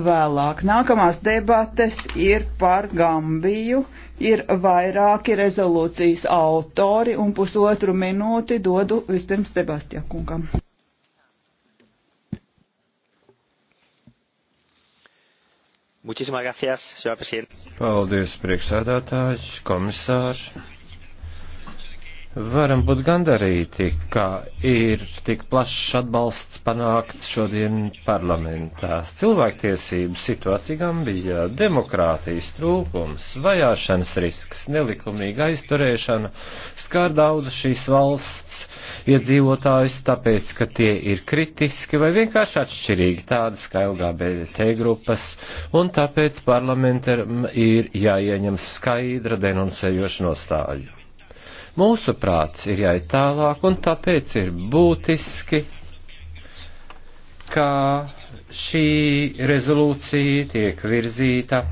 vēlāk. Nākamās debates ir par Gambiju. Ir vairāki rezolūcijas autori un pusotru minūti dodu vispirms Sebastija kungam. Muchísimas gracias, señora presidenta. Paldies, priekšsēdētāji, komisāri varam būt gandarīti, ka ir tik plašs atbalsts panākts šodien parlamentā. Cilvēktiesību situācija Gambijā, demokrātijas trūkums, vajāšanas risks, nelikumīga aizturēšana skār daudz šīs valsts iedzīvotājus, tāpēc, ka tie ir kritiski vai vienkārši atšķirīgi tādas kā LGBT grupas, un tāpēc parlamentam ir jāieņem skaidra denuncējoša nostāļa Mūsu prāts ir jāiet tālāk, un tāpēc ir būtiski, ka šī rezolūcija tiek virzīta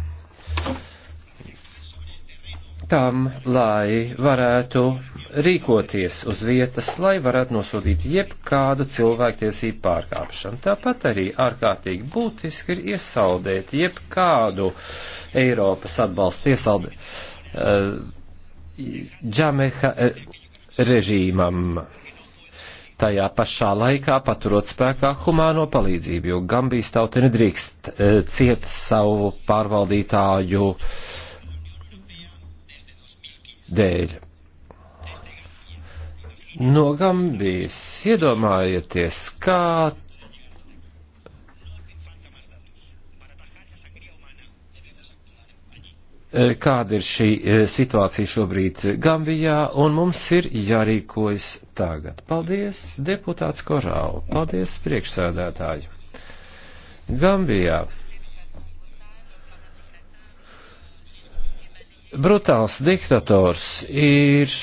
tam, lai varētu rīkoties uz vietas, lai varētu nosodīt jebkādu cilvēktiesību pārkāpšanu. Tāpat arī ārkārtīgi būtiski ir iesaldēt jebkādu Eiropas atbalstu iesaldēt. Uh, eh, Džameha eh, režīmam. Tajā pašā laikā paturot spēkā humāno palīdzību, jo Gambijas tauta nedrīkst eh, ciet savu pārvaldītāju dēļ. No Gambijas iedomājieties, kā Eh, kāda ir šī eh, situācija šobrīd Gambijā, un mums ir jārīkojas tagad. Paldies, deputāts Korālu, paldies, priekšsēdētāju. Gambijā. Brutāls diktators ir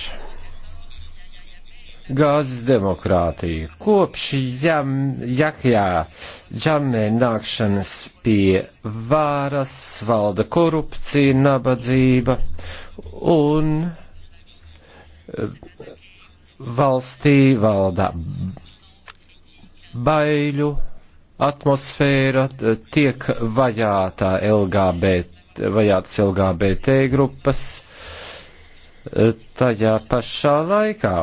gāzes demokrātiju. Kopš jam, Jakjā džamē nākšanas pie vāras valda korupcija, nabadzība un eh, valstī valda baiļu atmosfēra, tiek vajātā LGBT, vajātas LGBT grupas eh, tajā pašā laikā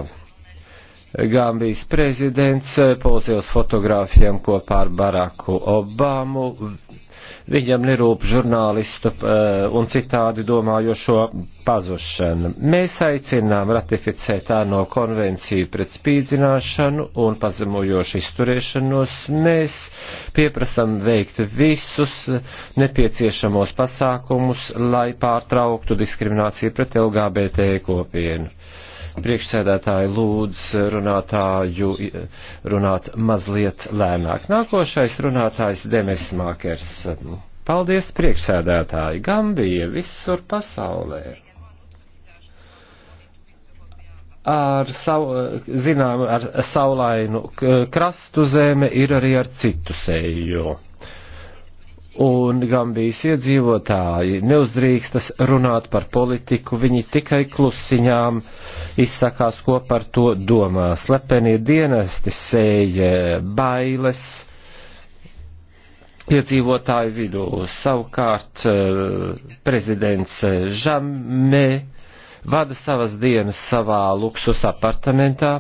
Gambijas prezidents eh, pozils fotogrāfiem kopā ar Baraku Obamu. Viņam nerūp žurnālistu eh, un citādi domājošo pazušana. Mēs aicinām ratificēt ANO konvenciju pret spīdzināšanu un pazemojošu izturēšanos. Mēs pieprasam veikt visus nepieciešamos pasākumus, lai pārtrauktu diskrimināciju pret LGBT kopienu Priekšsēdētāji lūdz runātāju runāt mazliet lēnāk. Nākošais runātājs Demis Mākers. Paldies, priekšsēdētāji. Gambija visur pasaulē ar, savu, zinām, ar saulainu krastu zeme ir arī ar citu seju un Gambijas iedzīvotāji neuzdrīkstas runāt par politiku, viņi tikai klusiņām izsakās, ko par to domā. Slepenie dienesti sēja bailes iedzīvotāju vidū. Savukārt eh, prezidents Žamē vada savas dienas savā luksus apartamentā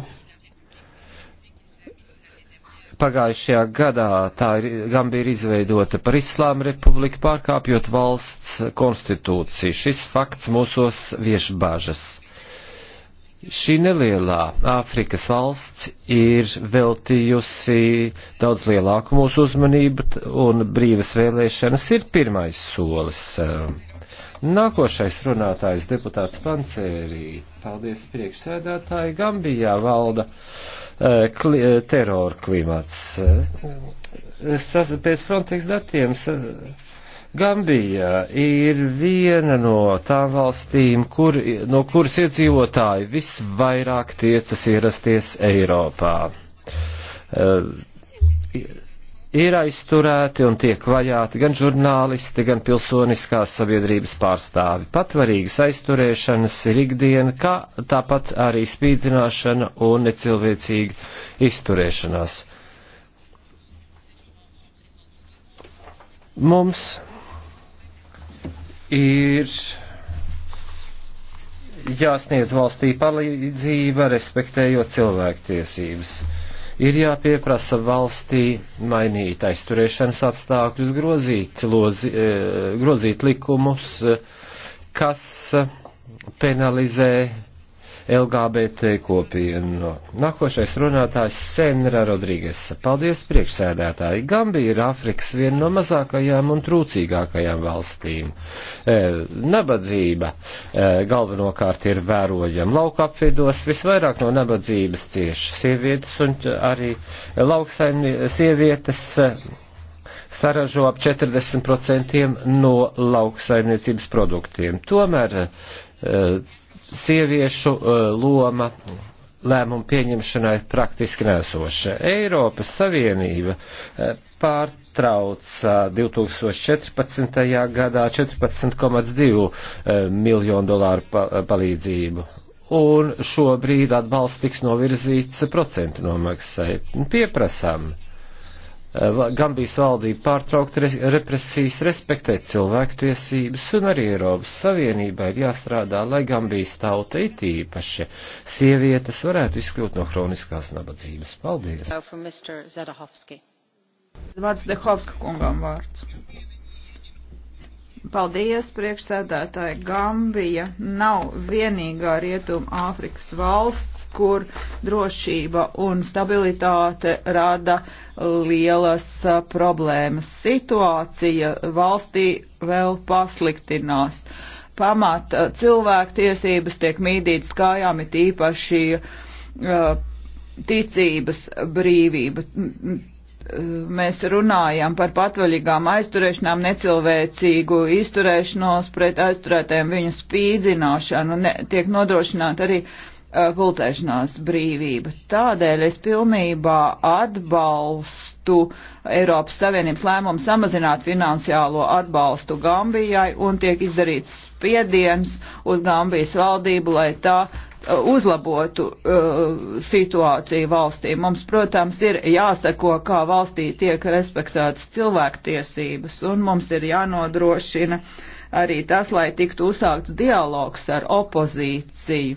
Pagājušajā gadā tā ir, gan bija izveidota par Islāma republiku, pārkāpjot valsts konstitūciju. Šis fakts mūsos vieš bažas. Šī nelielā Āfrikas valsts ir veltījusi daudz lielāku mūsu uzmanību, un brīvas vēlēšanas ir pirmais solis. Nākošais runātājs deputāts Pancērī. Paldies priekšsēdētāji. Gambijā valda uh, Eh, kli, eh, terora klimats. Eh, sas, pēc Frontex datiem sa, Gambija ir viena no tām valstīm, kur, no kuras iedzīvotāji visvairāk tiecas ierasties Eiropā. Uh, ir aizturēti un tiek vajāti gan žurnālisti, gan pilsoniskās sabiedrības pārstāvi. Patvarīgas aizturēšanas ir ikdiena, kā tāpat arī spīdzināšana un necilvēcīga izturēšanās. Mums ir jāsniedz valstī palīdzība, respektējot cilvēktiesības ir jāpieprasa valstī mainīt aizturēšanas apstākļus, grozīt, lozi, e, grozīt likumus, e, kas penalizē LGBT kopienu. Nākošais runātājs Senra Rodrīgas. Paldies priekšsēdētāji. Gambija ir Āfrikas viena no mazākajām un trūcīgākajām valstīm. E, nabadzība e, galvenokārt ir vērojama. Lauka apvidos visvairāk no nabadzības cieši sievietes un arī lauksaimnie sievietes. E, saražo ap 40% no lauksaimniecības produktiem. Tomēr e, sieviešu eh, loma lēmumu pieņemšanā ir praktiski nesoša. Eiropas Savienība eh, pārtrauca 2014. gadā 14,2 eh, miljonu dolāru palīdzību. Un šobrīd atbalsts tiks novirzīts procentu nomaksai. Pieprasām uh, Eh, Gambijas valdība pārtraukt re, represijas, respektēt cilvēktiesības, un arī Eiropas Savienībā ir jāstrādā, lai Gambijas tauta it īpaši sievietes varētu izkļūt no hroniskās nabadzības. Paldies! Vārds Dehovska kungam vārds. Paldies, priekšsēdētāji. Gambija nav vienīgā rietuma Āfrikas valsts, kur drošība un stabilitāte rada lielas problēmas. Situācija valstī vēl pasliktinās. Pamat cilvēktiesības tiek mīdītas kājām, it īpaši uh, ticības brīvība mēs runājam par patvaļīgām aizturēšanām, necilvēcīgu izturēšanos pret aizturētēm, viņu spīdzināšanu, ne, tiek nodrošināta arī uh, pulcēšanās brīvība. Tādēļ es pilnībā atbalstu Eiropas Savienības lēmumu samazināt finansiālo atbalstu Gambijai un tiek izdarīts spiediens uz Gambijas valdību, lai tā uzlabotu uh, situāciju valstī. Mums, protams, ir jāseko, kā valstī tiek respektētas cilvēktiesības, un mums ir jānodrošina arī tas, lai tiktu uzsākts dialogs ar opozīciju,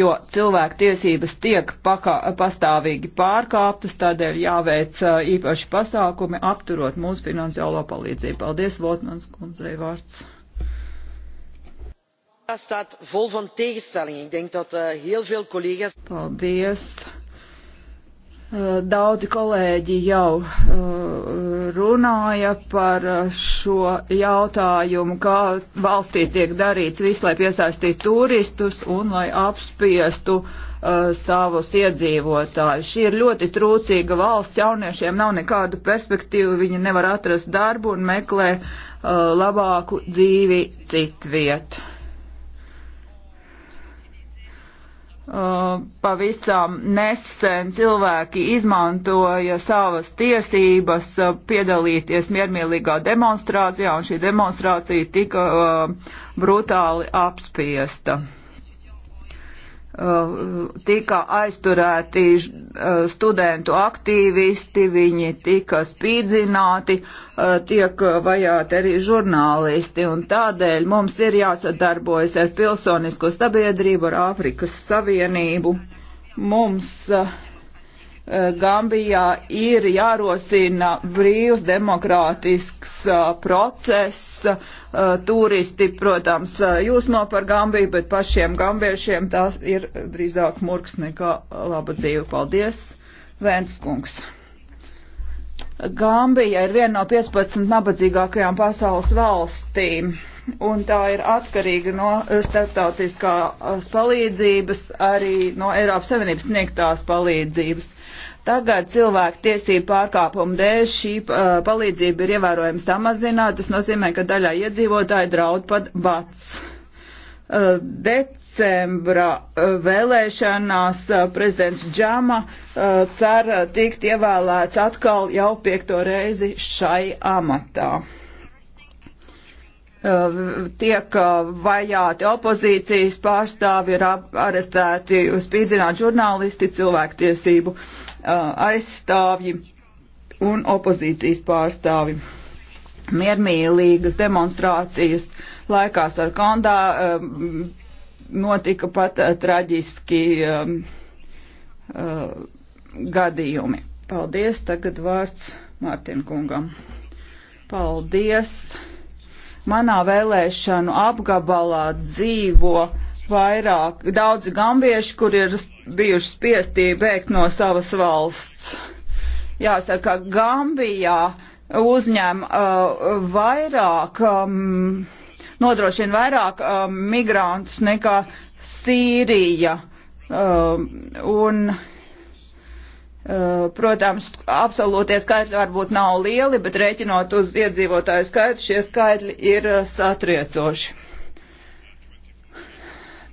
jo cilvēktiesības tiek pakā, pastāvīgi pārkāptas, tādēļ jāveic uh, īpaši pasākumi, apturot mūsu finansiālo palīdzību. Paldies, Votmans kundzei vārds staat vol van tegenstellingen. Ik denk dat eh, heel veel collega's. Paldies. Eh, daudzi kolēģi jau eh, runāja par šo jautājumu, kā valstī tiek darīts viss, lai piesaistītu turistus un lai apspiestu savus iedzīvotājus. Šī ir ļoti trūcīga valsts, jauniešiem nav nekādu perspektīvu, viņi nevar atrast darbu un meklē labāku dzīvi citviet Uh, pavisam nesen cilvēki izmantoja savas tiesības uh, piedalīties miermīlīgā demonstrācijā, un šī demonstrācija tika uh, brutāli apspiesta. Uh, tika aizturēti uh, studentu aktīvisti, viņi tika spīdzināti, uh, tiek vajāti arī žurnālisti, un tādēļ mums ir jāsadarbojas ar pilsonisko sabiedrību, ar Āfrikas Savienību. Mums Gambijā ir jārosina brīvs demokrātisks process, Eh, turisti, protams, eh, jūsmo par Gambiju, bet pašiem gambiešiem tās ir drīzāk murgs nekā laba dzīve. Paldies, Vēnskungs! Gambija ir viena no 15 nabadzīgākajām pasaules valstīm, un tā ir atkarīga no eh, starptautiskās palīdzības, arī no Eiropas Savienības sniegtās palīdzības. Tagad cilvēku tiesību pārkāpumu dēļ šī uh, palīdzība ir ievērojami samazināta. Tas nozīmē, ka daļai iedzīvotāji draud pat bats. Uh, decembra uh, vēlēšanās prezidents Džama cer tikt ievēlēts atkal jau piekto reizi šai amatā tiek vajāti opozīcijas pārstāvi, ir arestēti, spīdzināti žurnālisti, cilvēktiesību uh, aizstāvji un opozīcijas pārstāvji. Miermīlīgas demonstrācijas laikā Sarkandā notika pat traģiski gadījumi. Paldies, tagad vārds Mārtiņa kungam. Paldies! Manā vēlēšanu apgabalā dzīvo vairāk daudzi gambieši, kur ir bijuši spiesti bēgt no savas valsts. Jāsaka, Gambijā uzņem uh, vairāk, um, nodrošina vairāk um, migrantus nekā Sīrija. Um, un, uh, protams, absolūtie skaitļi varbūt nav lieli, bet rēķinot uz iedzīvotāju skaitu, šie skaitļi ir uh, satriecoši.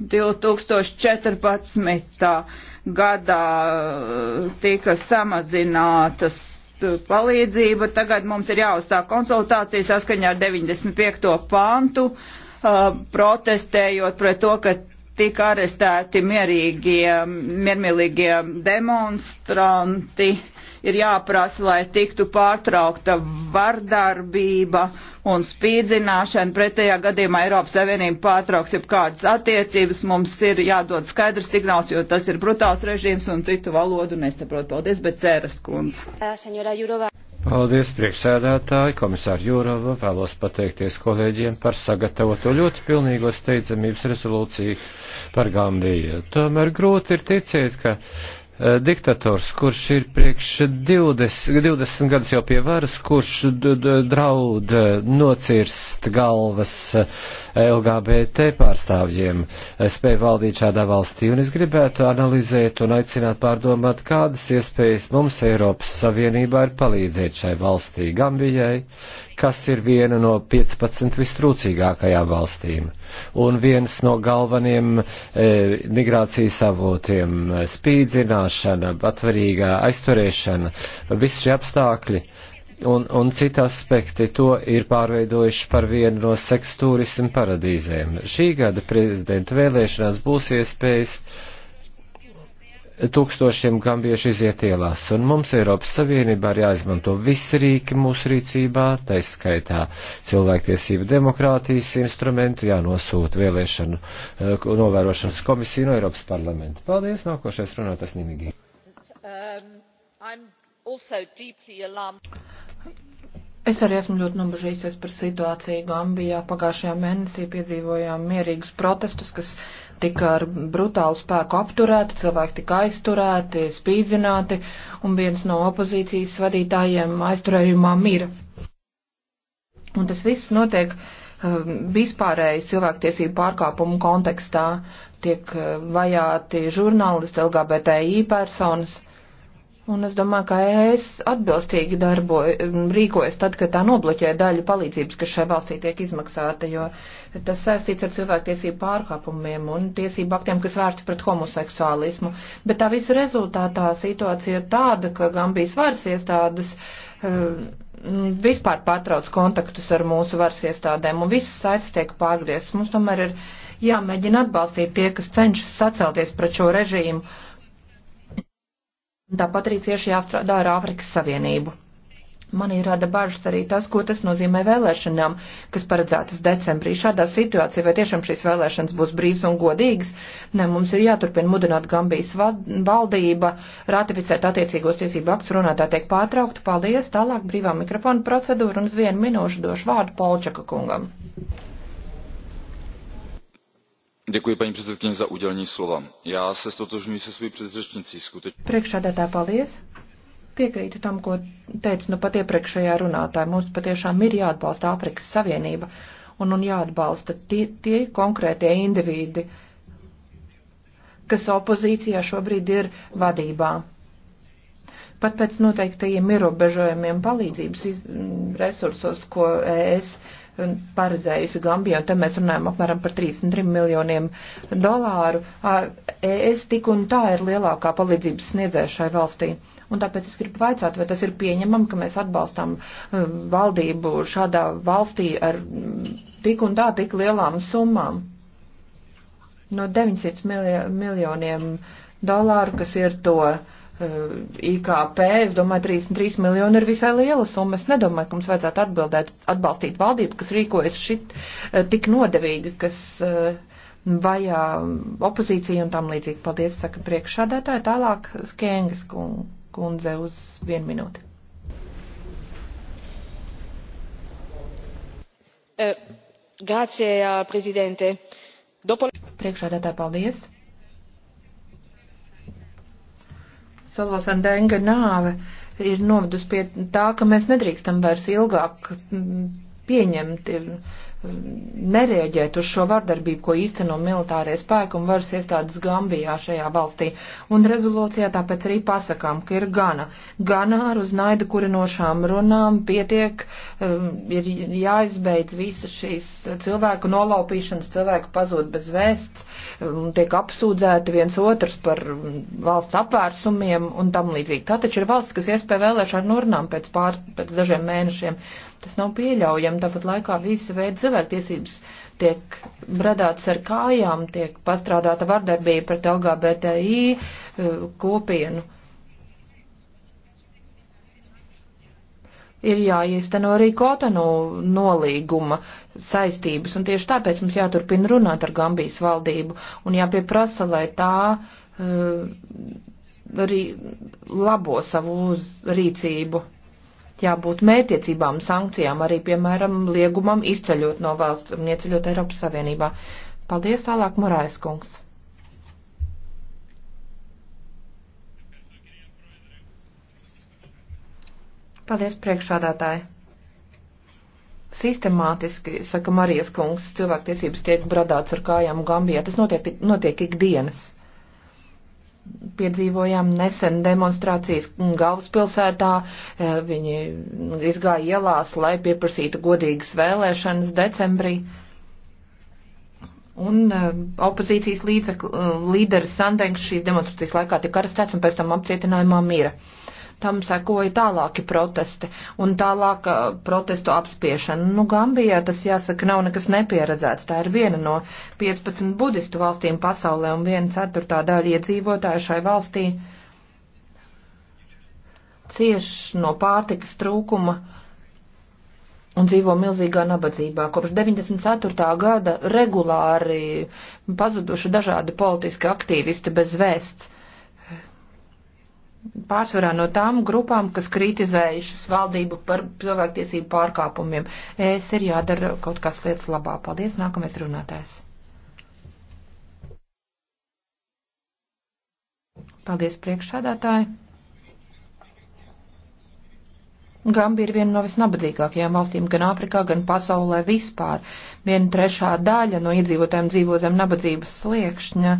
2014. gadā uh, tika samazinātas uh, palīdzība. Tagad mums ir jāuzsāk konsultācija saskaņā ar 95. pantu, uh, protestējot pret to, ka tika arestēti mierīgie, miermīlīgie demonstranti ir jāprasa, lai tiktu pārtraukta vardarbība un spīdzināšana. Pretējā gadījumā Eiropas Savienība pārtrauks jau kādas attiecības. Mums ir jādod skaidrs signāls, jo tas ir brutāls režīms un citu valodu nesaprot. Paldies, bet ceras kundze. Eh, Paldies, priekšsēdētāji, komisāri Jūrova, vēlos pateikties kolēģiem par sagatavoto ļoti pilnīgo steidzamības rezolūciju par Gambiju. Tomēr grūti ir ticēt, ka Eh, diktators, kurš ir priekš 20, 20 gadus jau pie varas, kurš draud eh, nocirst galvas eh, LGBT pārstāvjiem spēja valdīt šādā valstī, un es gribētu analizēt un aicināt pārdomāt, kādas iespējas mums Eiropas Savienībā ir palīdzēt šai valstī Gambijai, kas ir viena no 15 vistrūcīgākajām valstīm un viens no galveniem e, migrācijas avotiem - spīdzināšana, patvarīgā aizturēšana, visi šie apstākļi un, un citi aspekti to ir pārveidojuši par vienu no sekstūrismu paradīzēm. Šī gada prezidenta vēlēšanās būs iespējas tūkstošiem gambiešu iziet ielās, un mums Eiropas Savienībā ir jāizmanto visi rīki mūsu rīcībā, taiskaitā cilvēktiesību demokrātijas instrumentu, jānosūta vēlēšanu eh, novērošanas komisiju no Eiropas parlamenta. Paldies, nākošais runātājs Nimigī. Um, Es arī esmu ļoti nobežījusies par situāciju Gambijā. Pagājušajā mēnesī piedzīvojām mierīgus protestus, kas tika ar brutālu spēku apturēti, cilvēki tika aizturēti, spīdzināti, un viens no opozīcijas vadītājiem aizturējumā mira. Un tas viss notiek um, vispārējais cilvēktiesību pārkāpumu kontekstā. Tiek uh, vajāti žurnālisti, LGBTI personas Un es domāju, ka es atbilstīgi darboju, rīkojos tad, kad tā nobloķē daļu palīdzības, kas šai valstī tiek izmaksāta, jo tas saistīts ar cilvēktiesību pārkāpumiem un tiesību aktiem, kas vērsti pret homoseksuālismu. Bet tā visa rezultātā situācija ir tāda, ka Gambijas varas iestādes uh, vispār pārtrauc kontaktus ar mūsu varas iestādēm un visas saites tiek pārgrieztas. Mums tomēr ir jāmēģina atbalstīt tie, kas cenšas sacelties pret šo režīmu Tāpat arī cieši jāstrādā ar Āfrikas Savienību. Manī rada bažas arī tas, ko tas nozīmē vēlēšanām, kas paredzētas decembrī. Šādā situācijā vai tiešām šīs vēlēšanas būs brīvas un godīgas? Nē, mums ir jāturpina mudināt Gambijas valdība, ratificēt attiecīgos tiesību aktus, runātā tiek pārtraukta. Paldies, tālāk brīvā mikrofona procedūra un uz vienu minūšu došu vārdu Polčaka kungam paní předsedající já se ztotožňuji se svojí předřečnicí. priekšsēdētāj paldies! Piekrītu tam, ko teica nu pat iepriekšējā runātāja. Mums patiešām ir jāatbalsta Āfrikas Savienība un, un jāatbalsta tie, tie konkrētie individi, kas opozīcijā šobrīd ir vadībā. Pat pēc noteiktajiem ierobežojumiem palīdzības resursos, ko es. Uh, paredzējusi Gambija, un te mēs runājam apmēram par 33 miljoniem dolāru. Es tik un tā ir lielākā palīdzības sniedzēja šai valstī. Un tāpēc es gribu vaicāt, vai tas ir pieņemam, ka mēs atbalstam um, valdību šādā valstī ar mm, tik un tā tik lielām summām. No 900 miljoniem dolāru, kas ir to uh, Eh, IKP, es domāju, 33 miljoni ir visai liela summa. Es nedomāju, ka mums vajadzētu atbildēt, atbalstīt valdību, kas rīkojas šit eh, tik nodevīgi, kas eh, vajā opozīciju un tam līdzīgi. Paldies, saka priekšādātāja. Tālāk Skēngas kundze uz vienu minūti. Grācijā, prezidente. Dopo... Priekšādātāja, paldies. Solos Andenga nāve ir novedus pie tā, ka mēs nedrīkstam vairs ilgāk mm, pieņemt nereaģēt uz šo vardarbību, ko īsteno militārie spēki un varas iestādes Gambijā šajā valstī. Un rezolūcijā tāpēc arī pasakām, ka ir gana. Gana ar uz naida kurinošām runām pietiek, um, ir jāizbeidz visas šīs cilvēku nolaupīšanas, cilvēku pazūd bez vēsts, um, tiek apsūdzēti viens otrs par valsts apvērsumiem un tam līdzīgi. Tā taču ir valsts, kas iespēja vēlēšanu urnām pēc, pār, pēc dažiem mēnešiem. Tas nav pieļaujami, tāpat laikā visa veida cilvēktiesības tiek bradāts ar kājām, tiek pastrādāta vardarbība pret LGBTI eh, kopienu. Ir jāiesteno arī Kotanu nolīguma saistības, un tieši tāpēc mums jāturpina runāt ar Gambijas valdību un jāpieprasa, lai tā uh, arī labo savu rīcību jābūt mērķiecībām sankcijām, arī, piemēram, liegumam izceļot no valsts un ieceļot Eiropas Savienībā. Paldies, tālāk Morais kungs. Paldies, priekšādātāji. Sistemātiski, saka Marijas kungs, cilvēktiesības tiek bradāts ar kājām Gambijā. Tas notiek, notiek ikdienas piedzīvojām nesen demonstrācijas galvaspilsētā. Eh, viņi izgāja ielās, lai pieprasītu godīgas vēlēšanas decembrī. Un eh, opozīcijas eh, līderis Sandengs šīs demonstrācijas laikā tika arestēts un pēc tam apcietinājumā mira. Uh, tam sekoja tālāki protesti un tālāk protestu apspiešana. Nu, Gambijā tas jāsaka nav nekas nepieredzēts. Tā ir viena no 15 budistu valstīm pasaulē un viena ceturtā daļa iedzīvotāju šai valstī cieš no pārtikas trūkuma un dzīvo milzīgā nabadzībā. Kopš 94. gada regulāri pazuduši dažādi politiski aktīvisti bez vēsts pārsvarā no tām grupām, kas kritizējušas valdību par cilvēktiesību pārkāpumiem. Es ir jādara kaut kas lietas labā. Paldies, nākamais runātājs. Paldies, priekšsādātāji. Gambija ir viena no visnabadzīgākajām valstīm gan Āfrikā, gan pasaulē vispār. Viena trešā daļa no iedzīvotājiem dzīvo zem nabadzības sliekšņa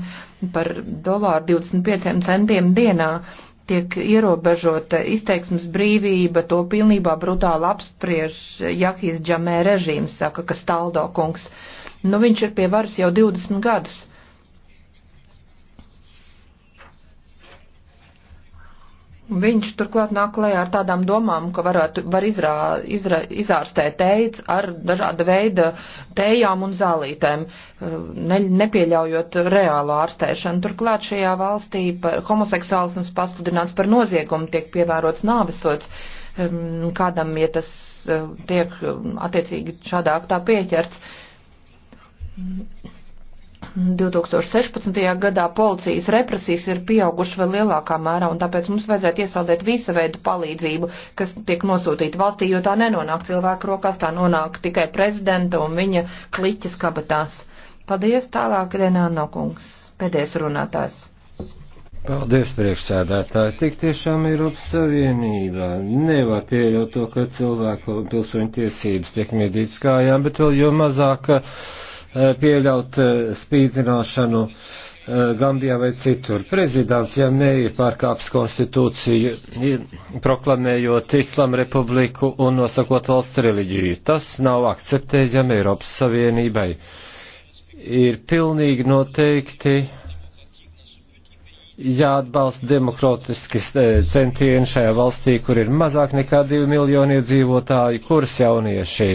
par dolāru 25 centiem dienā tiek ierobežota izteiksmes brīvība, to pilnībā brutāli apspriež Jahijas Džamē režīms, saka Kastaldo kungs. Nu, viņš ir pie varas jau 20 gadus. Viņš turklāt nāk klajā ar tādām domām, ka varētu, var izrā, izrā, izārstēt teic ar dažāda veida tējām un zālītēm, eh, ne, nepieļaujot reālu ārstēšanu. Turklāt šajā valstī homoseksuālisms pasludināts par noziegumu, tiek pievērots nāvesots kādam, ja tas eh, tiek attiecīgi šādā aktā pieķerts. 2016. gadā policijas represijas ir pieaugušas vēl lielākā mērā, un tāpēc mums vajadzētu iesaldēt visu veidu palīdzību, kas tiek nosūtīta valstī, jo tā nenonāk cilvēku rokās, tā nonāk tikai prezidenta un viņa kliķas kabatās. Paldies tālāk, Renā Nokungs, pēdējais runātājs. Paldies, priekšsēdētāji. Tik tiešām Eiropas Savienība nevar pieļaut to, ka cilvēku pilsoņu tiesības tiek miedītas kājām, bet vēl jau mazāk. Uh, Eh, pieļaut eh, spīdzināšanu eh, Gambijā vai citur. Prezidents, ja ne ir pārkāps konstitūciju, proklamējot Islām republiku un nosakot valsts reliģiju, tas nav akceptējami Eiropas Savienībai. Ir pilnīgi noteikti jāatbalsta demokrātiski e, centieni šajā valstī, kur ir mazāk nekā 2 miljoni iedzīvotāji, kuras jaunieši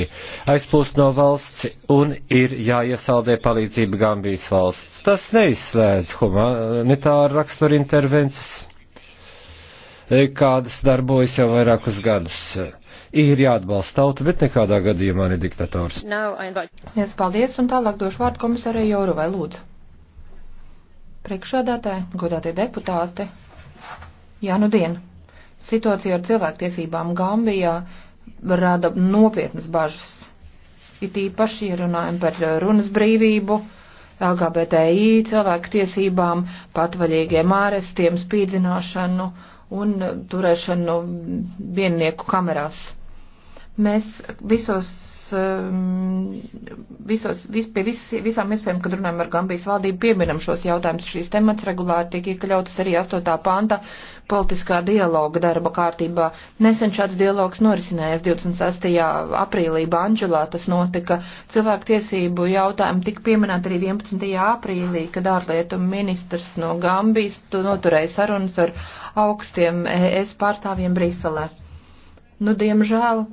aizplūst no valsts un ir jāiesaldē palīdzība Gambijas valsts. Tas neizslēdz humanitāru raksturu intervences, e, kādas darbojas jau vairākus gadus. Ir jāatbalsta tauta, bet nekādā gadījumā ne diktators. Yes, paldies, un tālāk došu vārdu komisarai Joru vai lūdzu. Priekšādātāji, godātie deputāti, jā, nu dien. Situācija ar cilvēktiesībām Gambijā rada nopietnas bažas. It īpaši, ja runājam par runas brīvību, LGBTI cilvēku tiesībām, patvaļīgiem ārestiem, spīdzināšanu un turēšanu viennieku kamerās. Mēs visos Um, visos, vis, pie vis, visām iespējām, kad runājam ar Gambijas valdību, pieminam šos jautājumus. Šīs temats regulāri tiek iekļautas arī 8. panta politiskā dialoga darba kārtībā. Nesen šāds dialogs norisinājās 26. aprīlī Banģelā, tas notika. Cilvēktiesību jautājumi tika pieminēti arī 11. aprīlī, kad ārlietu ministrs no Gambijas noturēja sarunas ar augstiem ES pārstāvjiem Briselē. Nu, diemžēl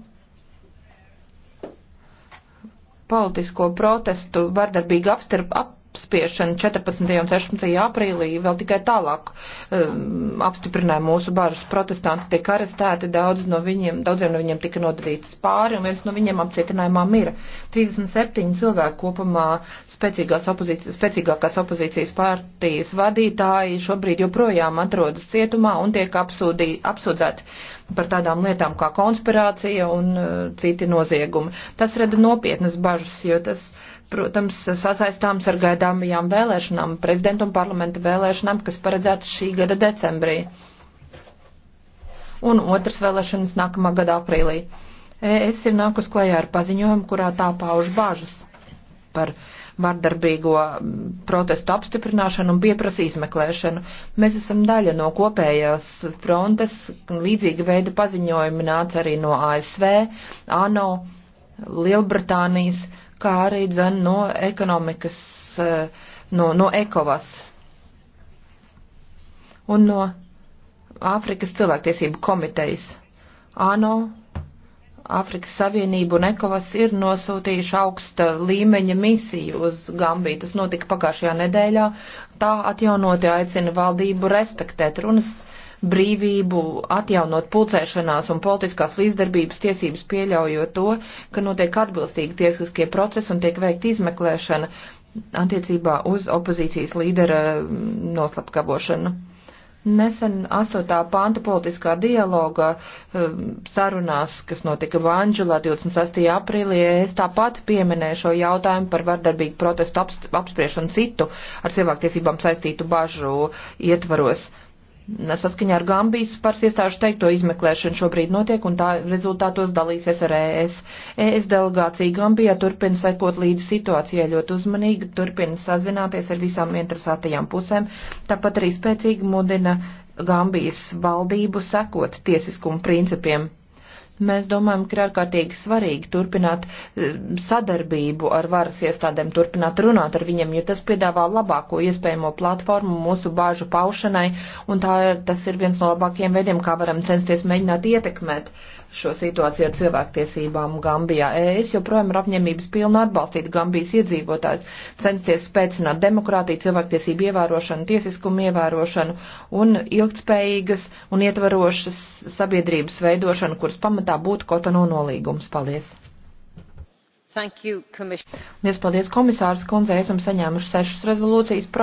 politisko protestu vardarbīgu apstarp, ap, apspiešana 14. un 16. aprīlī vēl tikai tālāk um, apstiprināja mūsu bažas. Protestanti tika arestēti, daudz no viņiem, daudziem no viņiem tika nodadīts pāri, un viens no viņiem apcietinājumā mira. 37 cilvēki kopumā spēcīgās opozīcijas, spēcīgākās opozīcijas partijas vadītāji šobrīd joprojām atrodas cietumā un tiek apsūdī, apsūdzēti par tādām lietām kā konspirācija un uh, citi noziegumi. Tas rada nopietnas bažas, jo tas uh, protams, sasaistāms ar gaidāmajām vēlēšanām, prezidentu un parlamenta vēlēšanām, kas paredzētas šī gada decembrī. Un otras vēlēšanas nākamā gada aprīlī. Es ir nākus klajā ar paziņojumu, kurā tā pauž bāžas par vardarbīgo protestu apstiprināšanu un pieprasa izmeklēšanu. Mēs esam daļa no kopējās frontes, līdzīga veida paziņojumi nāca arī no ASV, ANO, Lielbritānijas kā arī dzen no ekonomikas, e, no, no ekovas un no Āfrikas cilvēktiesību komitejas. ANO, Āfrikas Savienība un ekovas ir nosūtījuši augsta līmeņa misiju uz Gambiju. Tas notika pagājušajā nedēļā. Tā atjaunoti aicina valdību respektēt runas brīvību, atjaunot pulcēšanās un politiskās līdzdarbības tiesības, pieļaujot to, ka notiek atbilstīgi tiesiskie procesi un tiek veikt izmeklēšana attiecībā uz opozīcijas līdera mm, noslapkavošanu. Nesen 8. panta politiskā dialoga mm, sarunās, kas notika Vanžulā 26. aprīlī, es tāpat pieminēju šo jautājumu par vardarbīgu protestu apspriešanu citu ar cilvēktiesībām saistītu bažu ietvaros. Uh, Saskaņā ar Gambijas par iestāžu teikto izmeklēšanu šobrīd notiek un tā rezultātos dalīsies ar ES. ES delegācija Gambijā turpina sekot līdzi situācijai ļoti uzmanīgi, turpina sazināties ar visām interesētajām pusēm, tāpat arī spēcīgi mudina Gambijas valdību sekot tiesiskumu principiem. Mēs domājam, ka ir ārkārtīgi svarīgi turpināt eh, sadarbību ar varas iestādēm, turpināt runāt ar viņiem, jo tas piedāvā labāko iespējamo platformu mūsu bāžu paušanai, un tā ir, tas ir viens no labākajiem veidiem, kā varam censties mēģināt ietekmēt šo situāciju ar cilvēktiesībām Gambijā. Es joprojām ir apņemības pilna atbalstīt Gambijas iedzīvotājs, censties spēcināt demokrātiju, cilvēktiesību ievērošanu, tiesiskumu ievērošanu un ilgtspējīgas un ietvarošas sabiedrības veidošanu, kuras pamatā būtu Kotono nolīgums. Paldies! Thank you, Lies, paldies, komisārs Kunze, esam saņēmuši sešas rezolūcijas.